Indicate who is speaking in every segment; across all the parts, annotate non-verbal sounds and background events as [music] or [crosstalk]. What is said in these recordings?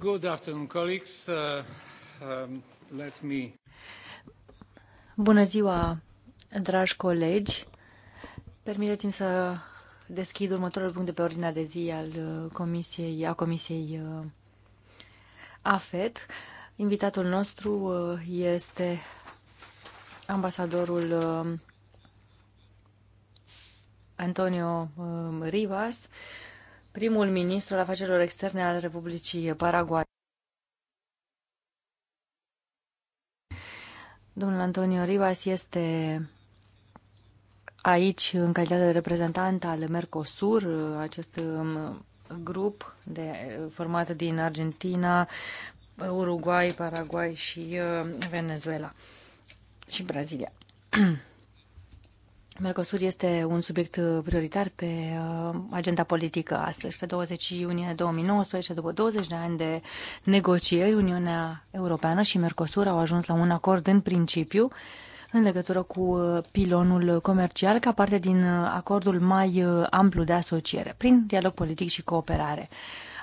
Speaker 1: Good afternoon, colleagues. Uh, um, let me...
Speaker 2: Bună ziua, dragi colegi. Permiteți-mi să deschid următorul punct de pe ordinea de zi al uh, comisiei, a Comisiei uh, AFET. Invitatul nostru uh, este ambasadorul Antonio Rivas, primul ministru al afacerilor externe al Republicii Paraguay. Domnul Antonio Rivas este aici în calitate de reprezentant al Mercosur, acest um, grup de, format din Argentina, Uruguay, Paraguay și uh, Venezuela și Brazilia. [clears throat] Mercosur este un subiect uh, prioritar pe uh, agenda politică astăzi. Pe 20 iunie 2019, după 20 de ani de negocieri, Uniunea Europeană și Mercosur au ajuns la un acord în principiu în legătură cu uh, pilonul comercial ca parte din acordul mai amplu de asociere, prin dialog politic și cooperare.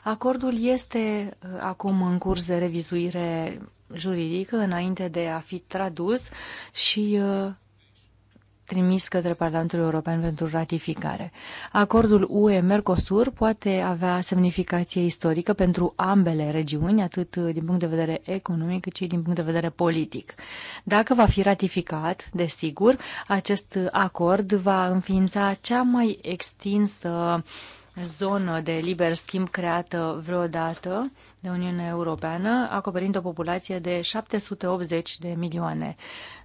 Speaker 2: Acordul este acum în curs de revizuire juridică înainte de a fi tradus și trimis către Parlamentul European pentru ratificare. Acordul UE-Mercosur poate avea semnificație istorică pentru ambele regiuni, atât din punct de vedere economic, cât și din punct de vedere politic. Dacă va fi ratificat, desigur, acest acord va înființa cea mai extinsă zonă de liber schimb creată vreodată de Uniunea Europeană, acoperind o populație de 780 de milioane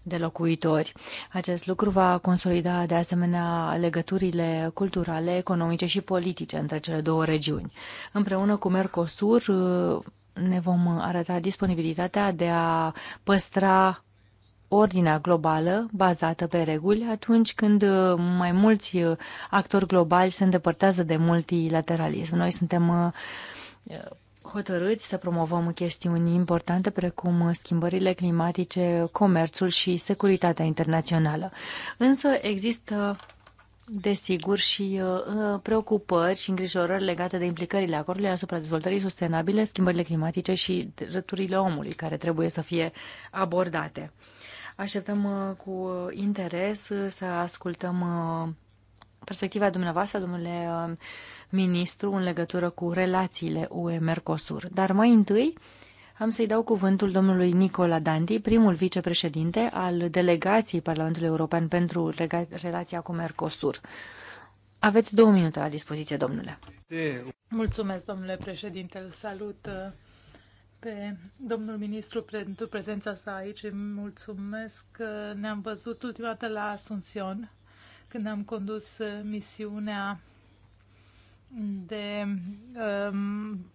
Speaker 2: de locuitori. Acest lucru va consolida de asemenea legăturile culturale, economice și politice între cele două regiuni. Împreună cu Mercosur ne vom arăta disponibilitatea de a păstra ordinea globală bazată pe reguli atunci când mai mulți actori globali se îndepărtează de multilateralism. Noi suntem hotărâți să promovăm chestiuni importante precum schimbările climatice, comerțul și securitatea internațională. Însă există Desigur, și uh, preocupări și îngrijorări legate de implicările acordului asupra dezvoltării sustenabile, schimbările climatice și drepturile omului, care trebuie să fie abordate. Așteptăm uh, cu interes să ascultăm uh, perspectiva dumneavoastră, domnule uh, ministru, în legătură cu relațiile UE-Mercosur. Dar mai întâi am să-i dau cuvântul domnului Nicola Dandi, primul vicepreședinte al delegației Parlamentului European pentru relația cu Mercosur. Aveți două minute la dispoziție, domnule.
Speaker 1: Mulțumesc, domnule președinte. Îl salut uh, pe domnul ministru pentru prezența sa aici. Mulțumesc. Uh, ne-am văzut ultima dată la Asunción când am condus uh, misiunea de um,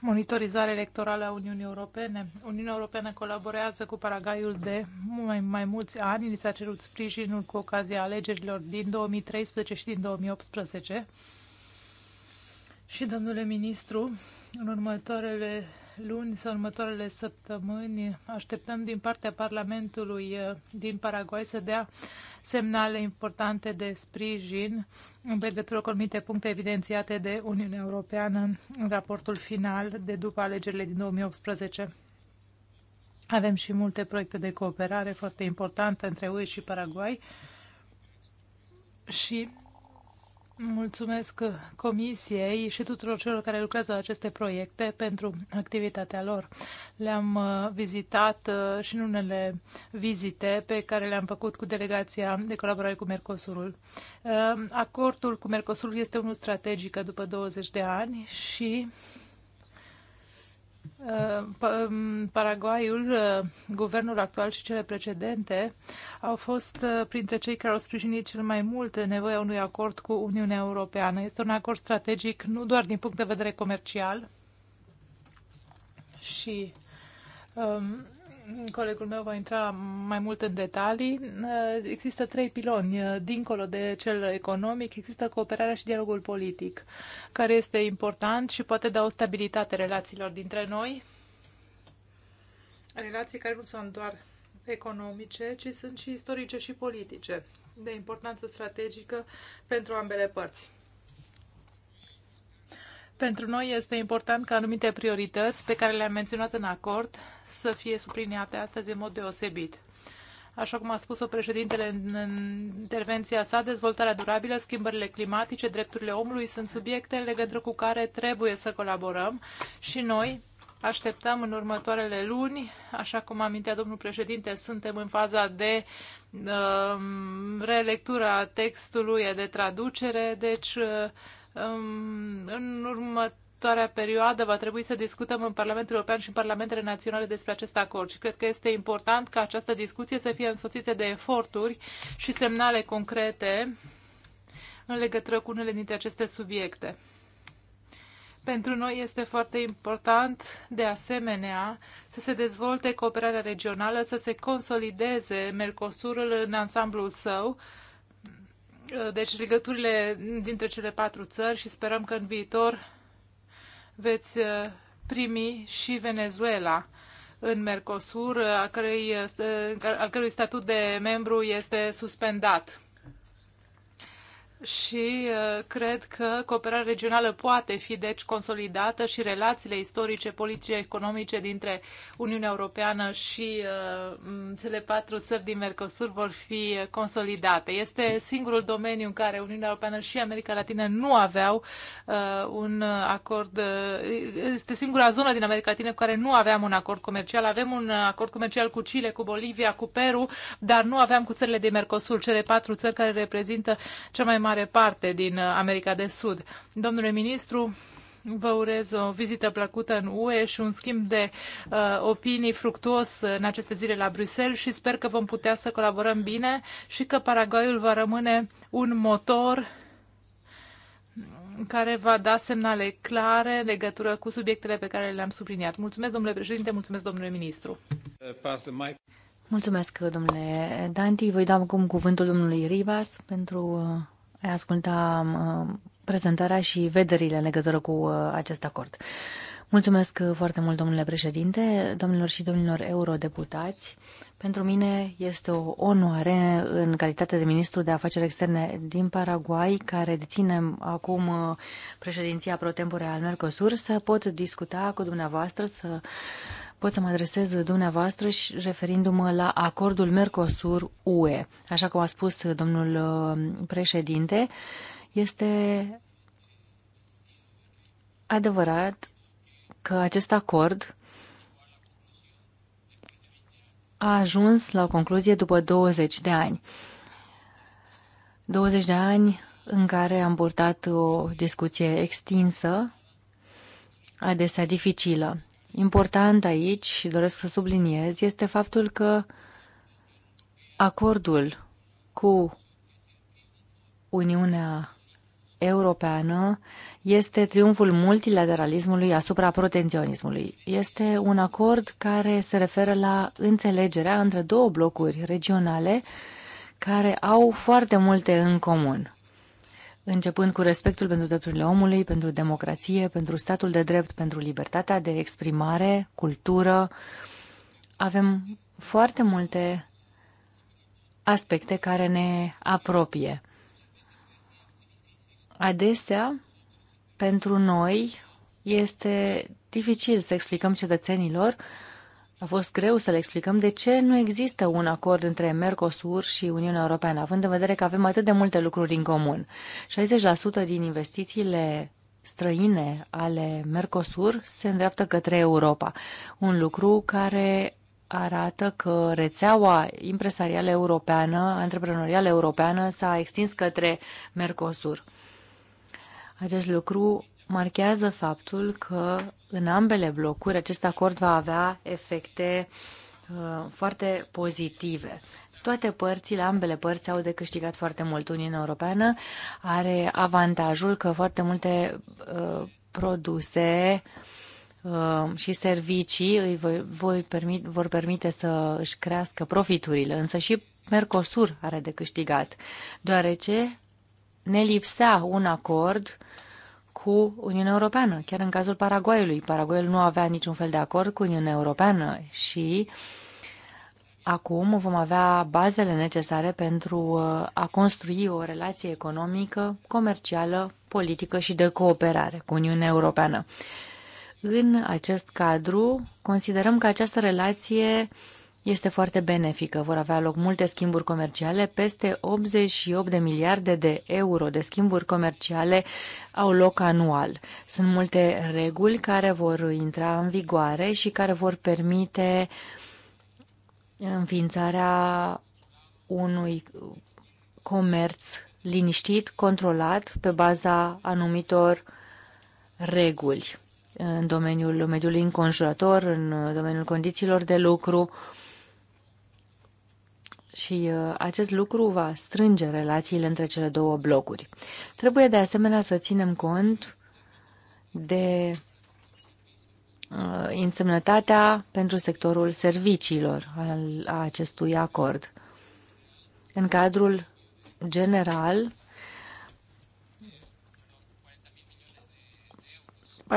Speaker 1: monitorizare electorală a Uniunii Europene. Uniunea Europeană colaborează cu Paragaiul de mai, mai mulți ani. Ni s-a cerut sprijinul cu ocazia alegerilor din 2013 și din 2018. Și, domnule ministru, în următoarele luni sau următoarele săptămâni așteptăm din partea Parlamentului eh, din Paraguay să dea semnale importante de sprijin în legătură cu anumite puncte evidențiate de Uniunea Europeană în raportul final de după alegerile din 2018. Avem și multe proiecte de cooperare foarte importante între UE și Paraguay și Mulțumesc Comisiei și tuturor celor care lucrează la aceste proiecte pentru activitatea lor. Le-am uh, vizitat uh, și în unele vizite pe care le-am făcut cu delegația de colaborare cu Mercosurul. Uh, acordul cu Mercosurul este unul strategic după 20 de ani și Paraguayul, uh, guvernul actual și cele precedente au fost uh, printre cei care au sprijinit cel mai mult nevoia unui acord cu Uniunea Europeană. Este un acord strategic nu doar din punct de vedere comercial și um, Colegul meu va intra mai mult în detalii. Eh, există trei piloni. Eh, dincolo de cel economic, există cooperarea și dialogul politic, care este important și poate da o stabilitate relațiilor dintre noi. Relații care nu sunt doar economice, ci sunt și istorice și politice, de importanță strategică pentru ambele părți. Pentru noi este important ca anumite priorități pe care le-am menționat în acord să fie subliniate astăzi în mod deosebit. Așa cum a spus-o președintele în intervenția sa, dezvoltarea durabilă, schimbările climatice, drepturile omului sunt subiecte în legătură cu care trebuie să colaborăm și noi așteptăm în următoarele luni, așa cum amintea domnul președinte, suntem în faza de uh, um, relectura textului, de traducere, deci uh, în următoarea perioadă va trebui să discutăm în Parlamentul European și în Parlamentele Naționale despre acest acord și cred că este important ca această discuție să fie însoțită de eforturi și semnale concrete în legătură cu unele dintre aceste subiecte. Pentru noi este foarte important, de asemenea, să se dezvolte cooperarea regională, să se consolideze Mercosurul în ansamblul său, Uh, deci legăturile dintre cele patru țări și sperăm că în viitor veți uh, primi și Venezuela în Mercosur, a cărui, uh, a cărui statut de membru este suspendat și uh, cred că cooperarea regională poate fi deci consolidată și relațiile istorice, politice, economice dintre Uniunea Europeană și uh, cele patru țări din Mercosur vor fi consolidate. Este singurul domeniu în care Uniunea Europeană și America Latină nu aveau uh, un acord, este singura zonă din America Latină cu care nu aveam un acord comercial. Avem un acord comercial cu Chile, cu Bolivia, cu Peru, dar nu aveam cu țările din Mercosur, cele patru țări care reprezintă cea mai mare mare parte din uh, America de Sud. Domnule ministru, vă urez o vizită plăcută în UE și un schimb de uh, opinii fructuos în aceste zile la Bruxelles și sper că vom putea să colaborăm bine și că Paraguayul va rămâne un motor care va da semnale clare în legătură cu subiectele pe care le-am subliniat. Mulțumesc, domnule președinte, mulțumesc, domnule ministru.
Speaker 2: Mulțumesc, domnule Danti. Voi da acum cuvântul domnului Rivas pentru uh, ai asculta um, prezentarea și vederile în legătură cu uh, acest acord. Mulțumesc foarte mult, domnule președinte, domnilor și domnilor eurodeputați. Pentru mine este o onoare, în calitate de ministru de afaceri externe din Paraguay, care deține acum uh, președinția pro tempore al Mercosur, să pot discuta cu dumneavoastră, să pot să mă adresez dumneavoastră și referindu-mă la acordul Mercosur-UE. Așa cum a spus domnul uh, președinte, este adevărat că acest acord a ajuns la o concluzie după 20 de ani. 20 de ani în care am purtat o discuție extinsă, adesea dificilă. Important aici, și doresc să subliniez, este faptul că acordul cu Uniunea Europeană este triumful multilateralismului asupra protecționismului. Este un acord care se referă la înțelegerea între două blocuri regionale care au foarte multe în comun începând cu respectul pentru drepturile omului, pentru democrație, pentru statul de drept, pentru libertatea de exprimare, cultură. Avem foarte multe aspecte care ne apropie. Adesea, pentru noi, este dificil să explicăm cetățenilor uh, a fost greu să le explicăm de ce nu există un acord între Mercosur și Uniunea Europeană, având în vedere că avem atât de multe lucruri în comun. 60% din investițiile străine ale Mercosur se îndreaptă către Europa, un lucru care arată că rețeaua impresarială europeană, antreprenorială europeană s-a extins către Mercosur. Acest lucru marchează faptul că în ambele blocuri acest acord va avea efecte uh, foarte pozitive. Toate părțile, ambele părți au de câștigat foarte mult. Uniunea Europeană are avantajul că foarte multe uh, produse uh, și servicii îi voi, voi permit, vor permite să își crească profiturile, însă și Mercosur are de câștigat, deoarece ne lipsea un acord uh, cu Uniunea Europeană, chiar în cazul Paraguayului. Paraguayul nu avea niciun fel de acord cu Uniunea Europeană și acum vom avea bazele necesare pentru uh, a construi o relație economică, comercială, politică și de cooperare cu Uniunea Europeană. În acest cadru, considerăm că această relație este foarte benefică. Vor avea loc multe schimburi comerciale, peste 88 de miliarde de euro de schimburi comerciale au loc anual. Sunt multe reguli care vor intra în vigoare și care vor permite înființarea unui comerț liniștit, controlat, pe baza anumitor reguli în domeniul mediului înconjurător, în domeniul condițiilor de lucru și uh, acest lucru va strânge relațiile între cele două blocuri. Trebuie de asemenea să ținem cont de uh, însemnătatea pentru sectorul serviciilor al acestui acord. În cadrul general,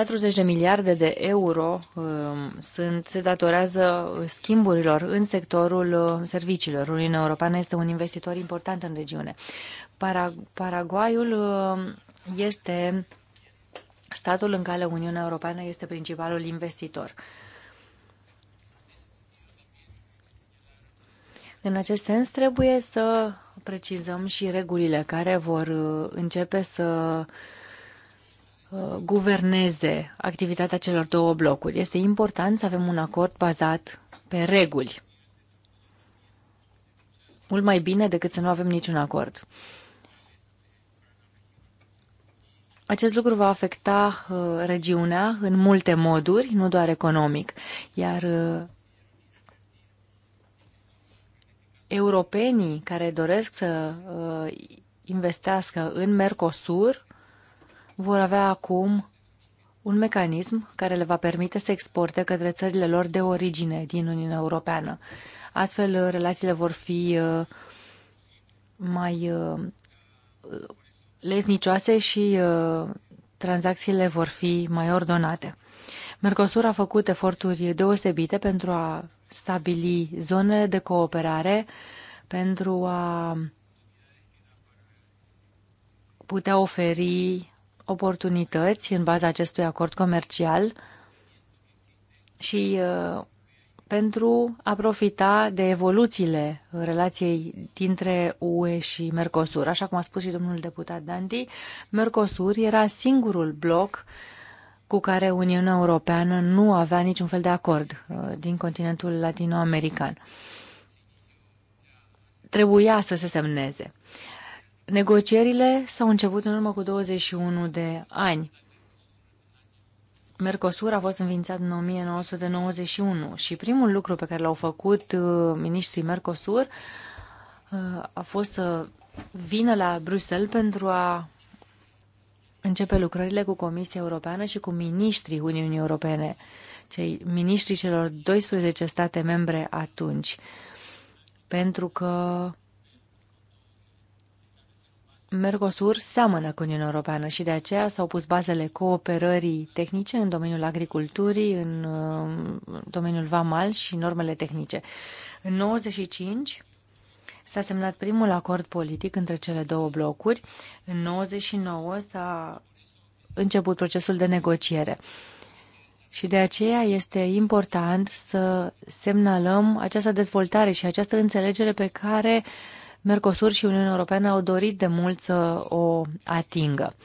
Speaker 2: 40 de miliarde de euro um, sunt, se datorează schimburilor în sectorul uh, serviciilor. Uniunea Europeană este un investitor important în regiune. Paraguayul um, este statul în care Uniunea Europeană este principalul investitor. În acest sens, trebuie să precizăm și regulile care vor uh, începe să uh, Uh, guverneze activitatea celor două blocuri. Este important să avem un acord bazat pe reguli. Mult mai bine decât să nu avem niciun acord. Acest lucru va afecta uh, regiunea în multe moduri, nu doar economic, iar uh, europenii care doresc să uh, investească în Mercosur vor avea acum un mecanism care le va permite să exporte către țările lor de origine din Uniunea Europeană. Astfel, uh, relațiile vor fi uh, mai uh, leznicioase și tranzacțiile vor fi mai ordonate. Mercosur a făcut eforturi deosebite pentru a stabili zonele de cooperare, pentru a putea oferi oportunități în baza acestui acord comercial și uh, pentru a profita de evoluțiile relației dintre UE și Mercosur. Așa cum a spus și domnul deputat Dandi, Mercosur era singurul bloc cu care Uniunea Europeană nu avea niciun fel de acord uh, din continentul latinoamerican. Trebuia să se semneze. Negocierile s-au început în urmă cu 21 de ani. Mercosur a fost înființat în 1991 și primul lucru pe care l-au făcut uh, ministrii Mercosur uh, a fost să vină la Bruxelles pentru a începe lucrările cu Comisia Europeană și cu ministrii Uniunii Europene, cei ministrii celor 12 state membre atunci, pentru că Mercosur seamănă cu Uniunea Europeană și de aceea s-au pus bazele cooperării tehnice în domeniul agriculturii, în uh, domeniul vamal și normele tehnice. În 95 s-a semnat primul acord politic între cele două blocuri. În 99 s-a început procesul de negociere. Și de aceea este important să semnalăm această dezvoltare și această înțelegere pe care uh, Mercosur și Uniunea Europeană au dorit de mult să o atingă.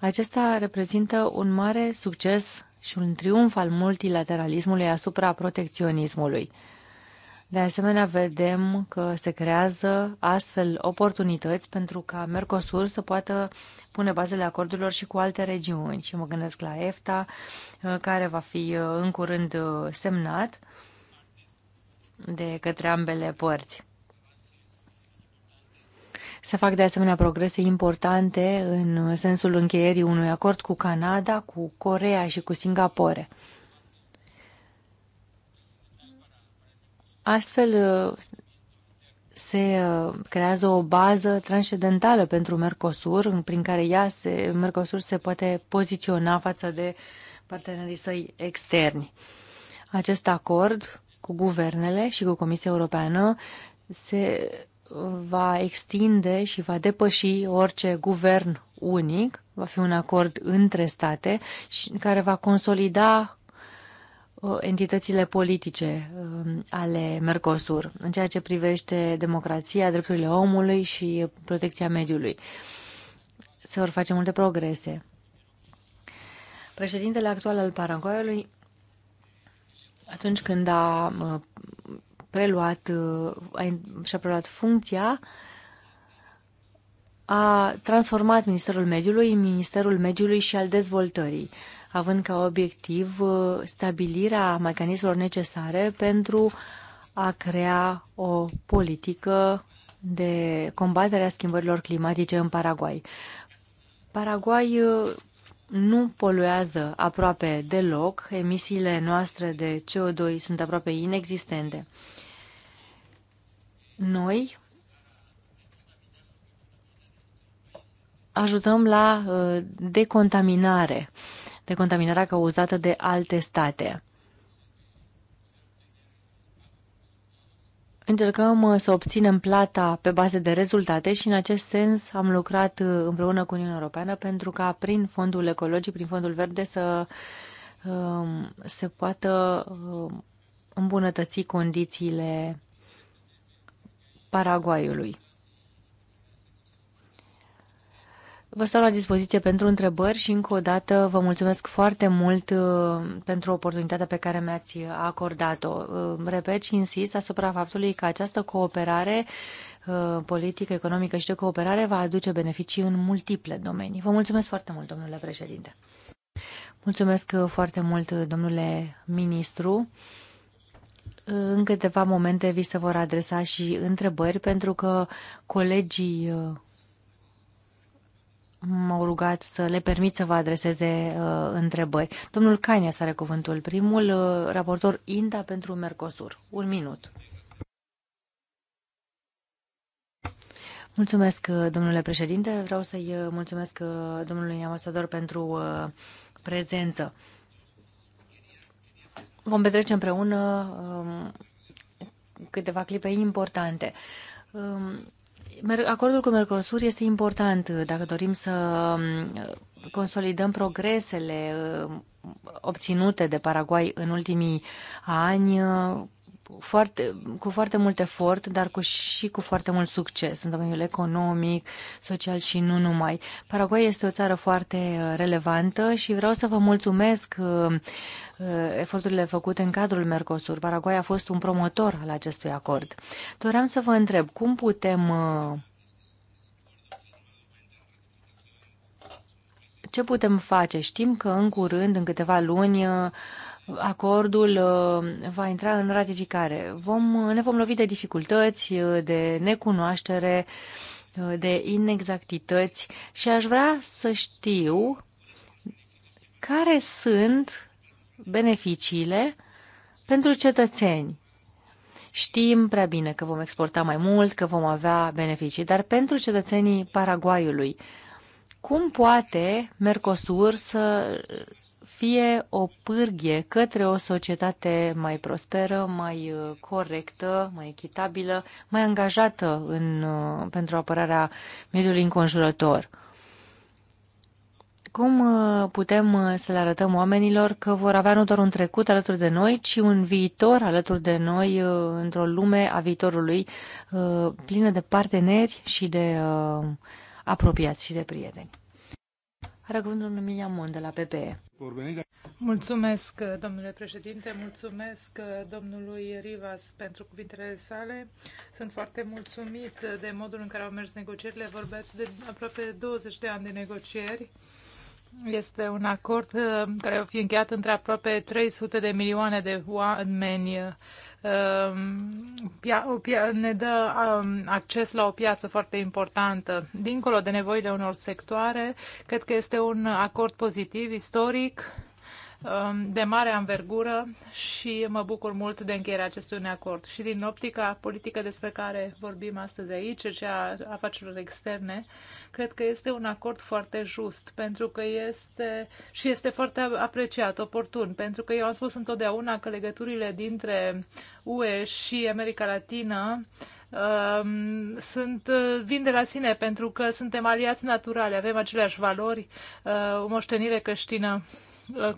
Speaker 2: Acesta reprezintă un mare succes și un triumf al multilateralismului asupra protecționismului. De asemenea, vedem că se creează astfel oportunități pentru ca Mercosur să poată pune bazele acordurilor și cu alte regiuni. Și mă gândesc la EFTA, uh, care va fi uh, în curând uh, semnat de către ambele părți. Se fac de asemenea progrese importante în sensul încheierii unui acord cu Canada, cu Corea și cu Singapore. Astfel se creează o bază transcendentală pentru Mercosur, prin care ea se, Mercosur se poate poziționa față de partenerii săi externi. Acest acord cu guvernele și cu Comisia Europeană se va extinde și va depăși orice guvern unic, va fi un acord între state și care va consolida uh, entitățile politice um, ale Mercosur în ceea ce privește democrația, drepturile omului și protecția mediului. Se vor face multe progrese. Președintele actual al Paraguayului, atunci când a uh, preluat, uh, și-a preluat funcția, a transformat Ministerul Mediului în Ministerul Mediului și al Dezvoltării, având ca obiectiv uh, stabilirea mecanismelor necesare pentru a crea o politică de combatere a schimbărilor climatice în Paraguay. Paraguay uh, nu poluează aproape deloc, emisiile noastre de CO2 sunt aproape inexistente. Uh, noi ajutăm la uh, decontaminare, decontaminarea cauzată de alte state. Încercăm uh, să obținem plata pe bază de rezultate și în acest sens am lucrat uh, împreună cu Uniunea Europeană pentru ca prin fondul ecologic, prin fondul verde să um, se poată um, îmbunătăți condițiile Paraguayului. Vă stau la dispoziție pentru întrebări și încă o dată vă mulțumesc foarte mult uh, pentru oportunitatea pe care mi-ați acordat-o. Uh, repet și insist asupra faptului că această cooperare uh, politică, economică și de cooperare va aduce beneficii în multiple domenii. Vă mulțumesc foarte mult, domnule președinte. Mulțumesc foarte mult, domnule ministru în câteva momente vi se vor adresa și întrebări, pentru că colegii uh, m-au rugat să le permit să vă adreseze uh, întrebări. Domnul Caine să are cuvântul primul, uh, raportor INTA pentru Mercosur. Un minut. Mulțumesc, uh, domnule președinte. Vreau să-i uh, mulțumesc domnului ambasador pentru prezență. Vom petrece împreună um, câteva clipe importante. Um, acordul cu Mercosur este important uh, dacă dorim să um, consolidăm progresele uh, obținute de Paraguay în ultimii ani uh, foarte, cu foarte mult efort, dar cu, și cu foarte mult succes în domeniul economic, social și nu numai. Paraguay este o țară foarte uh, relevantă și vreau să vă mulțumesc uh, uh, eforturile făcute în cadrul Mercosur. Paraguay a fost un promotor al acestui acord. Doream să vă întreb cum putem ce putem face? Știm că în curând, în câteva luni, acordul uh, va intra în ratificare. Vom, ne vom lovi de dificultăți, uh, de necunoaștere, uh, de inexactități și aș vrea să știu care sunt beneficiile pentru cetățeni. Știm prea bine că vom exporta mai mult, că vom avea beneficii, dar pentru cetățenii Paraguayului, cum poate Mercosur să fie o pârghie către o societate mai prosperă, mai uh, corectă, mai echitabilă, mai angajată în, uh, pentru apărarea mediului înconjurător. Cum uh, putem să le arătăm oamenilor că vor avea nu doar un trecut alături de noi, ci un viitor alături de noi într-o lume a viitorului plină de parteneri și de apropiați și de prieteni? Răgândul cuvântul Milia Mon de la PPE. Mulțumesc,
Speaker 1: domnule președinte, mulțumesc uh, domnului Rivas pentru cuvintele sale. Sunt foarte mulțumit de modul în care au mers negocierile. Vorbeați de aproape 20 de ani de negocieri. Este un acord uh, care va fi încheiat între aproape 300 de milioane de oameni Um, ne dă um, acces la o piață foarte importantă. Dincolo de nevoile unor sectoare, cred că este un acord pozitiv, istoric, Um, de mare anvergură și mă bucur mult de încheierea acestui acord. Și din optica politică despre care vorbim astăzi aici, cea a afacerilor externe, cred că este un acord foarte just pentru că este și este foarte apreciat, oportun, pentru că eu am spus întotdeauna că legăturile dintre UE și America Latină um, sunt, vin de la sine pentru că suntem aliați naturali, avem aceleași valori, uh, o moștenire creștină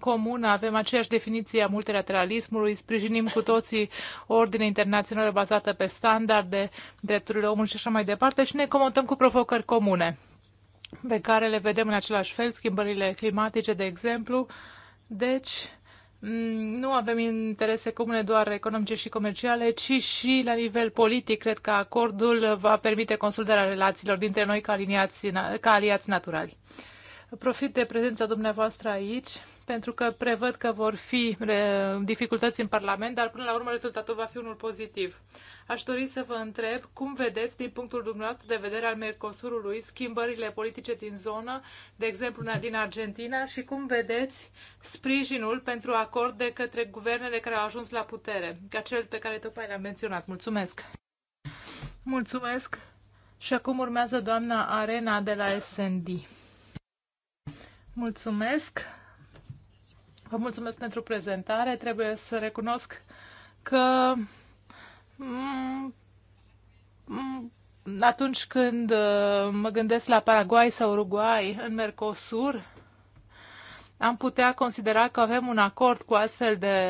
Speaker 1: comună, avem aceeași definiție a multilateralismului, sprijinim cu toții ordine internațională bazată pe standarde, drepturile omului și așa mai departe și ne comutăm cu provocări comune pe care le vedem în același fel, schimbările climatice, de exemplu. Deci, mm, nu avem interese comune doar economice și comerciale, ci și la nivel politic. Cred că acordul va permite consolidarea relațiilor dintre noi ca aliați, ca aliați naturali. Profit de prezența dumneavoastră aici pentru că prevăd că vor fi dificultăți în Parlament, dar până la urmă rezultatul va fi unul pozitiv. Aș dori să vă întreb cum vedeți, din punctul dumneavoastră de vedere al Mercosurului, schimbările politice din zonă, de exemplu din Argentina, și cum vedeți sprijinul pentru acord de către guvernele care au ajuns la putere, ca cel pe care tocmai l-am menționat. Mulțumesc! Mulțumesc! Și acum urmează doamna Arena de la SND. Mulțumesc! Vă mulțumesc pentru prezentare. Trebuie să recunosc că mm, mm, atunci când uh, mă gândesc la Paraguay sau Uruguay în Mercosur, am putea considera că avem un acord cu astfel de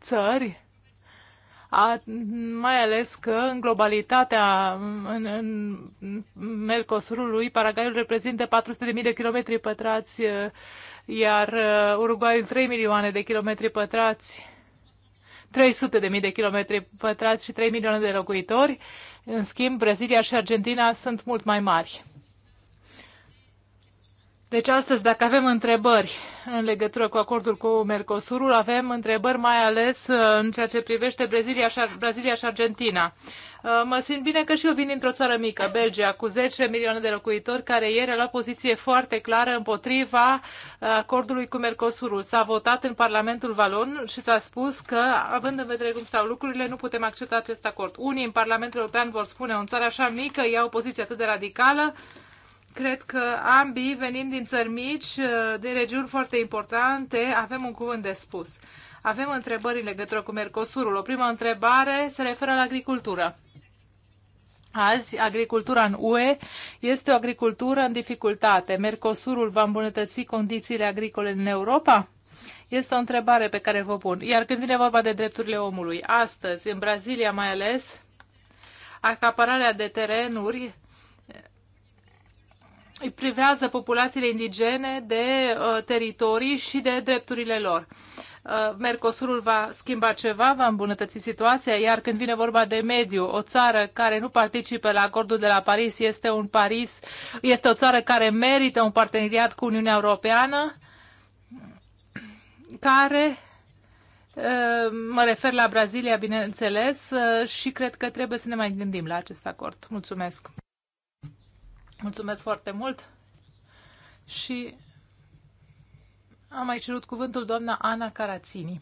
Speaker 1: țări a, mai ales că în globalitatea în, în Mercosurului, Paraguayul reprezintă 400.000 de kilometri pătrați, iar uh, Uruguayul 3 milioane de kilometri pătrați, 300.000 de kilometri pătrați și 3 milioane de locuitori. În schimb, Brazilia și Argentina sunt mult mai mari. Deci astăzi, dacă avem întrebări în legătură cu acordul cu Mercosurul, avem întrebări mai ales uh, în ceea ce privește Brazilia și, Brazilia și Argentina. Uh, mă simt bine că și eu vin dintr-o țară mică, Belgia, cu 10 milioane de locuitori, care ieri a luat poziție foarte clară împotriva uh, acordului cu Mercosurul. S-a votat în Parlamentul Valon și s-a spus că, având în vedere cum stau lucrurile, nu putem accepta acest acord. Unii în Parlamentul European vor spune, o țară așa mică ia o poziție atât de radicală, Cred că ambii, venind din țări mici, uh, din regiuni foarte importante, avem un cuvânt de spus. Avem întrebări în legătură cu Mercosurul. O primă întrebare se referă la agricultură. Azi, agricultura în UE este o agricultură în dificultate. Mercosurul va îmbunătăți condițiile agricole în Europa? Este o întrebare pe care vă pun. Iar când vine vorba de drepturile omului, astăzi, în Brazilia mai ales, acapararea de terenuri îi privează populațiile indigene de uh, teritorii și de drepturile lor. Uh, Mercosurul va schimba ceva, va îmbunătăți situația, iar când vine vorba de mediu, o țară care nu participă la acordul de la Paris este, un Paris, este o țară care merită un parteneriat cu Uniunea Europeană, care uh, Mă refer la Brazilia, bineînțeles, uh, și cred că trebuie să ne mai gândim la acest acord. Mulțumesc! Mulțumesc foarte mult și am mai cerut cuvântul doamna Ana Carațini.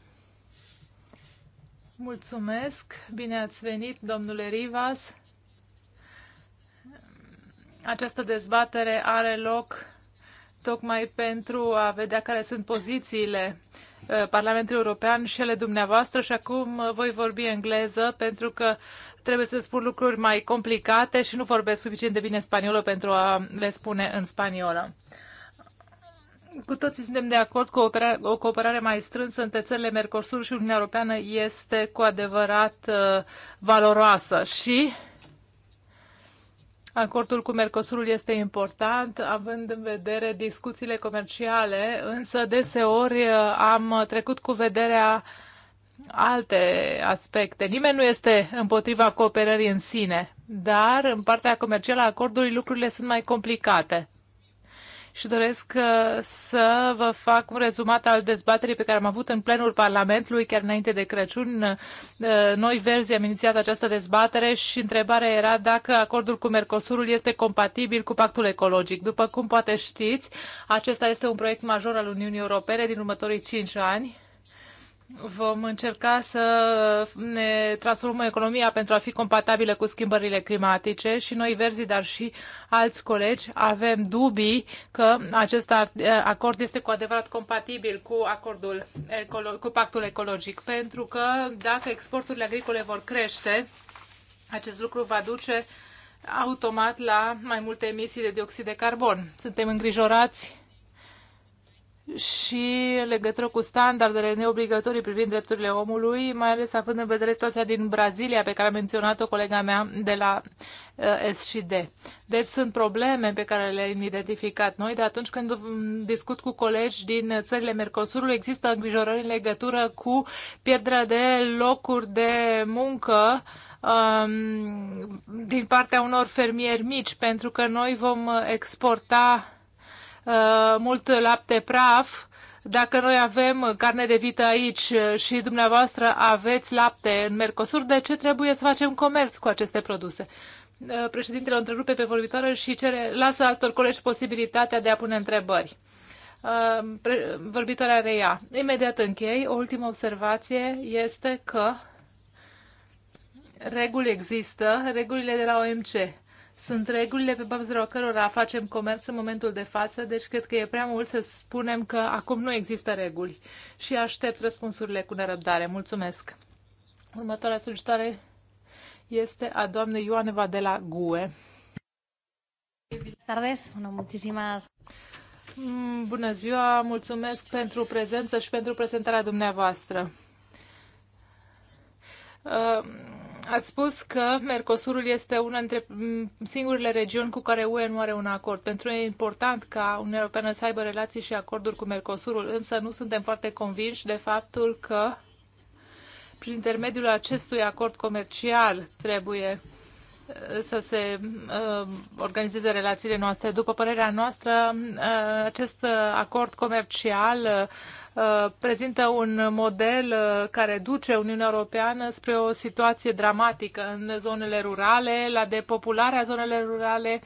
Speaker 1: Mulțumesc, bine ați venit, domnule Rivas. Această dezbatere are loc tocmai pentru a vedea care sunt pozițiile uh, Parlamentului European și ale dumneavoastră și acum uh, voi vorbi engleză pentru că trebuie să spun lucruri mai complicate și nu vorbesc suficient de bine spaniolă pentru a le spune în spaniolă. Cu toții suntem de acord că o cooperare mai strânsă între țările Mercosur și Uniunea Europeană este cu adevărat uh, valoroasă și Acordul cu Mercosurul este important, având în vedere discuțiile comerciale, însă deseori uh, am trecut cu vederea alte aspecte. Nimeni nu este împotriva cooperării în sine, dar în partea comercială a acordului lucrurile sunt mai complicate și doresc uh, să vă fac un rezumat al dezbaterii pe care am avut în plenul Parlamentului chiar înainte de Crăciun. Uh, noi verzi am inițiat această dezbatere și întrebarea era dacă acordul cu Mercosurul este compatibil cu pactul ecologic. După cum poate știți, acesta este un proiect major al Uniunii Europene din următorii 5 ani vom încerca să ne transformăm economia pentru a fi compatibilă cu schimbările climatice și noi verzi, dar și alți colegi avem dubii că acest acord este cu adevărat compatibil cu acordul cu pactul ecologic, pentru că dacă exporturile agricole vor crește, acest lucru va duce automat la mai multe emisii de dioxid de carbon. Suntem îngrijorați și în legătură cu standardele neobligatorii privind drepturile omului, mai ales având în vedere situația din Brazilia, pe care a menționat-o colega mea de la eh, S și D. Deci sunt probleme pe care le-am identificat noi, dar atunci când discut cu colegi din țările Mercosurului, există îngrijorări în legătură cu pierderea de locuri de muncă um, din partea unor fermieri mici, pentru că noi vom exporta Uh, mult lapte praf, dacă noi avem carne de vită aici și dumneavoastră aveți lapte în Mercosur, de ce trebuie să facem comerț cu aceste produse? Uh, președintele o întrerupe pe vorbitoare și cere, lasă altor colegi posibilitatea de a pune întrebări. Uh, vorbitoarea reia. Imediat închei. O ultimă observație este că reguli există, regulile de la OMC sunt regulile pe baza cărora facem comerț în momentul de față, deci cred că e prea mult să spunem că acum nu există reguli și aștept răspunsurile cu nerăbdare. Mulțumesc! Următoarea solicitare este a doamnei Ioaneva de la GUE. Mm, bună ziua, mulțumesc pentru prezență și pentru prezentarea dumneavoastră. Uh, Ați spus că Mercosurul este una dintre mm, singurele regiuni cu care UE nu are un acord. Pentru noi e important ca Uniunea Europeană să aibă relații și acorduri cu Mercosurul, însă nu suntem foarte convinși de faptul că prin intermediul acestui acord comercial trebuie uh, să se uh, organizeze relațiile noastre. După părerea noastră, uh, acest uh, acord comercial uh, Uh, prezintă un model uh, care duce Uniunea Europeană spre o situație dramatică în zonele rurale, la depopularea zonelor rurale,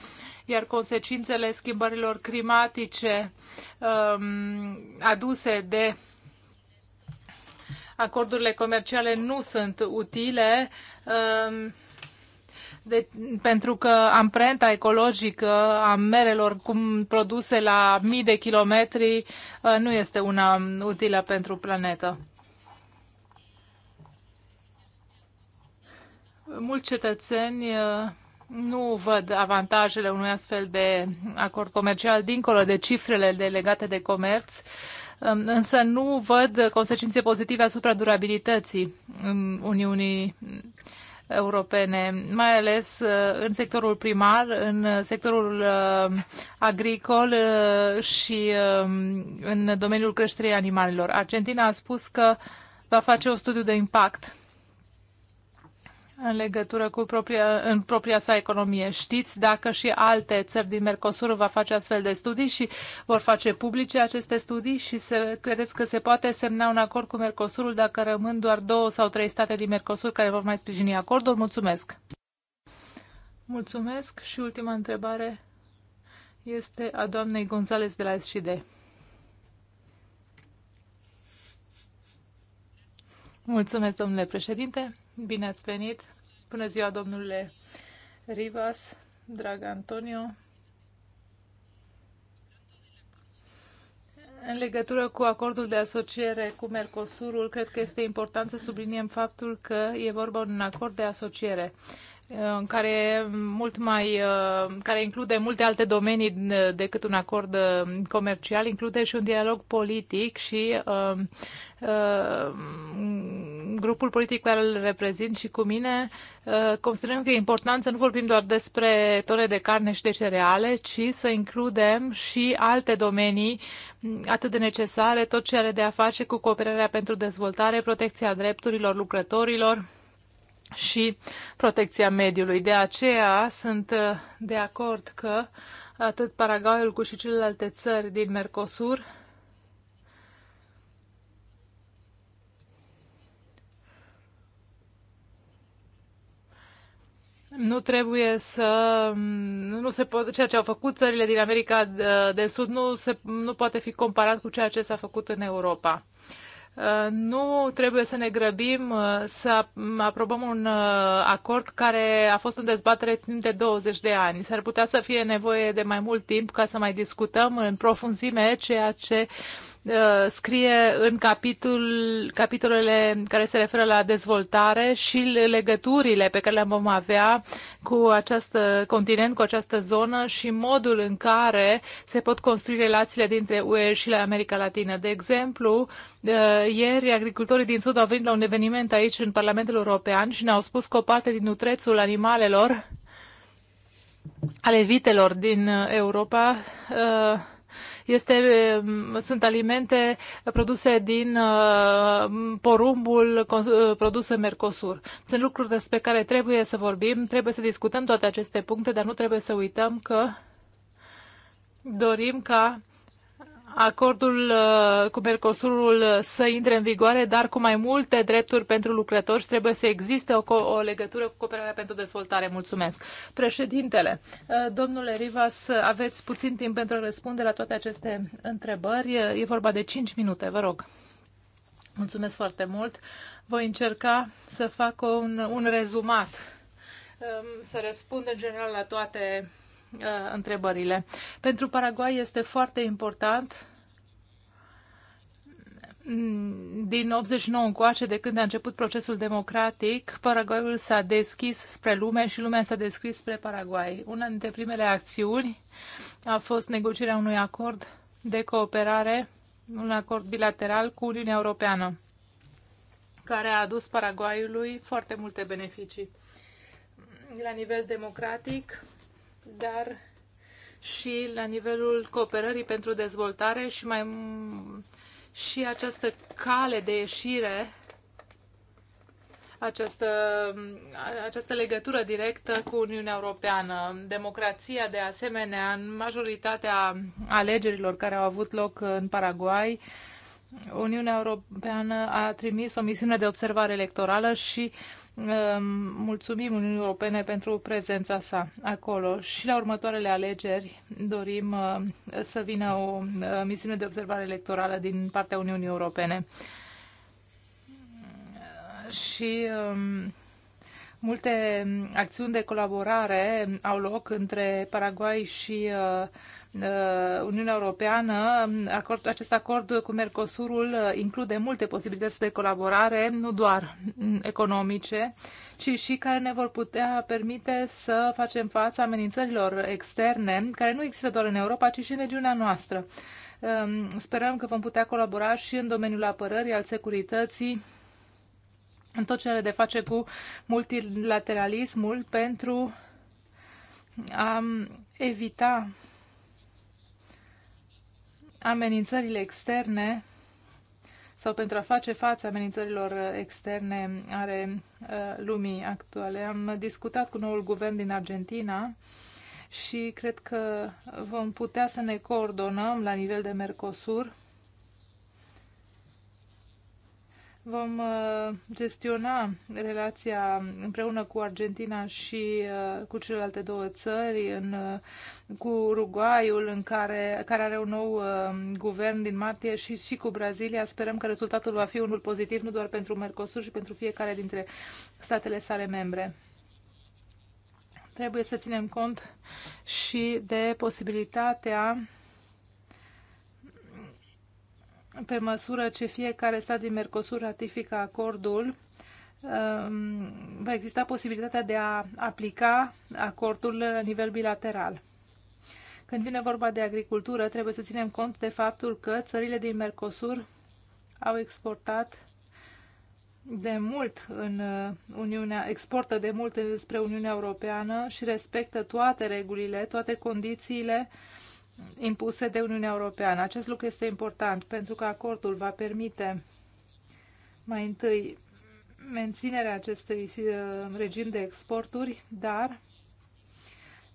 Speaker 1: iar consecințele schimbărilor climatice um, aduse de acordurile comerciale nu sunt utile um, de, pentru că amprenta ecologică a merelor cum produse la mii de kilometri uh, nu este una utilă pentru planetă. Mulți cetățeni uh, nu văd avantajele unui astfel de acord comercial dincolo de cifrele de legate de comerț, um, însă nu văd consecințe pozitive asupra durabilității um, Uniunii europene, mai ales uh, în sectorul primar, în sectorul uh, agricol uh, și în domeniul creșterii animalelor. Argentina a spus că va face un studiu de impact în legătură cu propria, în propria sa economie. Știți dacă și alte țări din Mercosur va face astfel de studii și vor face publice aceste studii și se, credeți că se poate semna un acord cu Mercosurul dacă rămân doar două sau trei state din Mercosur care vor mai sprijini acordul? Mulțumesc! Mulțumesc și ultima întrebare este a doamnei Gonzales de la SCD. Mulțumesc, domnule președinte! Bine ați venit! Bună ziua, domnule Rivas, drag Antonio! În legătură cu acordul de asociere cu Mercosurul, cred că este important să subliniem faptul că e vorba de un acord de asociere Uh, în care, mult mai, uh, care include multe alte domenii uh, decât un acord comercial, include și un dialog politic și uh, uh, grupul politic care îl reprezint și cu mine uh, considerăm că e important să nu vorbim doar despre tone de carne și de cereale, ci să includem și alte domenii mm, atât de necesare, tot ce are de a face cu cooperarea pentru dezvoltare, protecția drepturilor lucrătorilor, și protecția mediului. De aceea sunt uh, de acord că atât Paraguayul cu și celelalte țări din Mercosur nu trebuie să mm, nu se poate, ceea ce au făcut țările din America uh, de Sud nu, se, nu poate fi comparat cu ceea ce s-a făcut în Europa. Uh, nu trebuie să ne grăbim uh, să aprobăm un uh, acord care a fost în dezbatere timp de 20 de ani. S-ar putea să fie nevoie de mai mult timp ca să mai discutăm în profunzime ceea ce uh, Uh, scrie în capitol, capitolele care se referă la dezvoltare și legăturile pe care le vom avea cu acest continent, cu această zonă și modul în care se pot construi relațiile dintre UE și America Latină. De exemplu, uh, ieri agricultorii din Sud au venit la un eveniment aici în Parlamentul European și ne-au spus că o parte din nutrețul animalelor ale vitelor din uh, Europa este, um, sunt alimente produse din uh, porumbul uh, produs în Mercosur. Sunt lucruri despre care trebuie să vorbim, trebuie să discutăm toate aceste puncte, dar nu trebuie să uităm că dorim ca acordul uh, cu Mercosurul să intre în vigoare, dar cu mai multe drepturi pentru lucrători și trebuie să existe o, o legătură cu cooperarea pentru dezvoltare. Mulțumesc. Președintele, uh, domnule Rivas, aveți puțin timp pentru a răspunde la toate aceste întrebări. E vorba de 5 minute, vă rog. Mulțumesc foarte mult. Voi încerca să fac un, un rezumat, um, să răspund în general la toate uh, întrebările. Pentru Paraguay este foarte important mm, din 89 încoace, de când a început procesul democratic, Paraguayul s-a deschis spre lume și lumea s-a deschis spre Paraguay. Una dintre primele acțiuni a fost negocierea unui acord de cooperare, un acord bilateral cu Uniunea Europeană, care a adus Paraguayului foarte multe beneficii la nivel democratic, dar și la nivelul cooperării pentru dezvoltare și mai și această cale de ieșire, această, această legătură directă cu Uniunea Europeană. Democrația, de asemenea, în majoritatea alegerilor care au avut loc în Paraguay, uh, Uniunea Europeană a trimis o misiune de observare electorală și um, mulțumim Uniunii Europene pentru prezența sa acolo. Și la următoarele alegeri dorim uh, să vină o uh, misiune de observare electorală din partea Uniunii Europene. Și um, multe acțiuni de colaborare au loc între Paraguay și uh, Uh, Uniunea Europeană, acord, acest acord cu Mercosurul uh, include multe posibilități de colaborare, nu doar mm, economice, ci și care ne vor putea permite să facem față amenințărilor externe, care nu există doar în Europa, ci și în regiunea noastră. Um, sperăm că vom putea colabora și în domeniul apărării, al securității, în tot ce are de face cu multilateralismul pentru a um, evita amenințările externe sau pentru a face față amenințărilor externe uh, lumii actuale. Am discutat cu noul guvern din Argentina și cred că vom putea să ne coordonăm la nivel de Mercosur vom uh, gestiona relația împreună cu Argentina și uh, cu celelalte două țări, în, uh, cu Uruguayul, în care, care are un nou guvern din martie, și, și cu Brazilia. Sperăm că rezultatul va fi unul pozitiv, nu doar pentru Mercosur, și pentru fiecare dintre statele sale membre. Trebuie să ținem cont și de posibilitatea pe măsură ce fiecare stat din Mercosur ratifică acordul, um, va exista posibilitatea de a aplica acordul la nivel bilateral. Când vine vorba de agricultură, trebuie să ținem cont de faptul că țările din Mercosur au exportat de mult în uh, Uniunea, exportă de mult spre Uniunea Europeană și respectă toate regulile, toate condițiile uh, impuse de Uniunea Europeană. Acest lucru este important pentru că acordul va permite mai întâi menținerea acestui uh, regim de exporturi, dar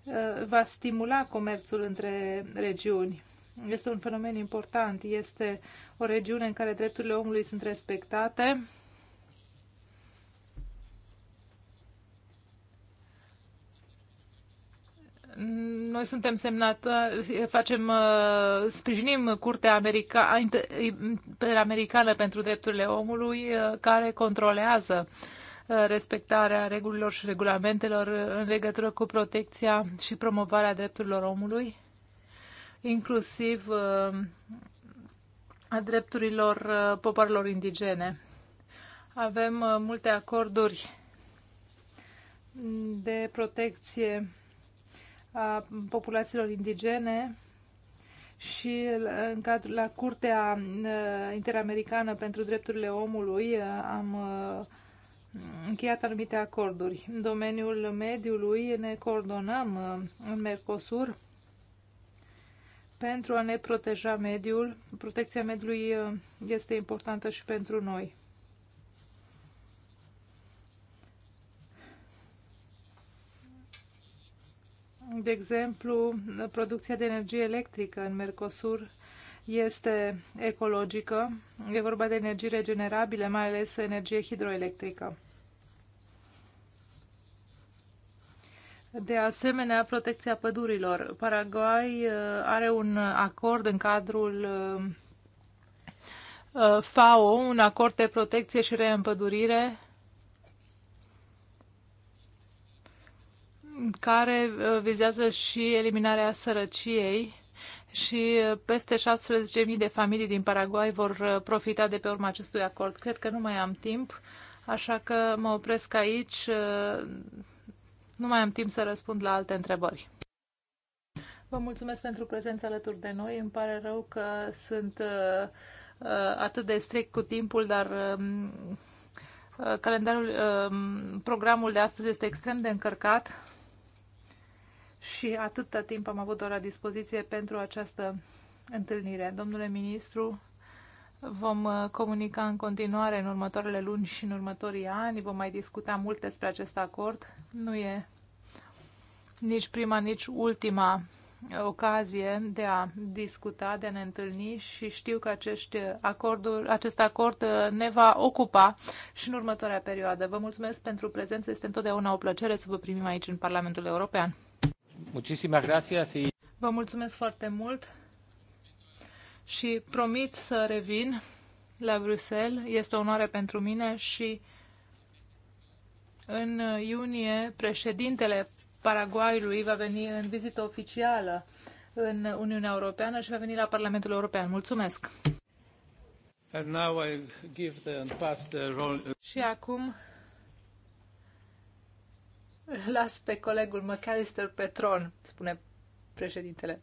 Speaker 1: uh, va stimula comerțul între regiuni. Este un fenomen important. Este o regiune în care drepturile omului sunt respectate Noi suntem semnat, facem, uh, sprijinim Curtea America, Interamericană pentru Drepturile Omului, uh, care controlează uh, respectarea regulilor și regulamentelor în legătură cu protecția și promovarea drepturilor omului, inclusiv a drepturilor popoarelor indigene. Avem multe acorduri de protecție a populațiilor indigene și în cadrul, la Curtea uh, Interamericană pentru Drepturile Omului uh, am uh, încheiat anumite acorduri. În domeniul mediului ne coordonăm în Mercosur pentru a ne proteja mediul. Protecția mediului este importantă și pentru noi. De exemplu, producția de energie electrică în Mercosur este ecologică. E vorba de energii regenerabile, mai ales energie hidroelectrică. De asemenea, protecția pădurilor. Paraguay uh, are un acord în cadrul uh, uh, FAO, un acord de protecție și reîmpădurire care uh, vizează și eliminarea sărăciei și uh, peste 16.000 de familii din Paraguay vor uh, profita de pe urma acestui acord. Cred că nu mai am timp, așa că mă opresc aici. Nu mai am timp să răspund la alte întrebări. Vă mulțumesc pentru prezența alături de noi. Îmi pare rău că sunt atât de strict cu timpul, dar um, calendarul, um, programul de astăzi este extrem de încărcat și atâta timp am avut o la dispoziție pentru această întâlnire. Domnule ministru, vom uh, comunica în continuare în următoarele luni și în următorii ani, vom mai discuta mult despre acest acord. Nu e nici prima, nici ultima uh, ocazie de a discuta, de a ne întâlni și știu că acești acorduri, acest acord uh, ne va ocupa și în următoarea perioadă. Vă mulțumesc pentru prezență, este întotdeauna o plăcere să vă primim aici în Parlamentul European. Muchísimas gracias y... Vă mulțumesc foarte mult și promit să revin la Bruxelles. Este o onoare pentru mine și în iunie președintele Paraguayului va veni în vizită oficială în Uniunea Europeană și va veni la Parlamentul European. Mulțumesc! The... Și acum las pe colegul McAllister pe tron, spune președintele.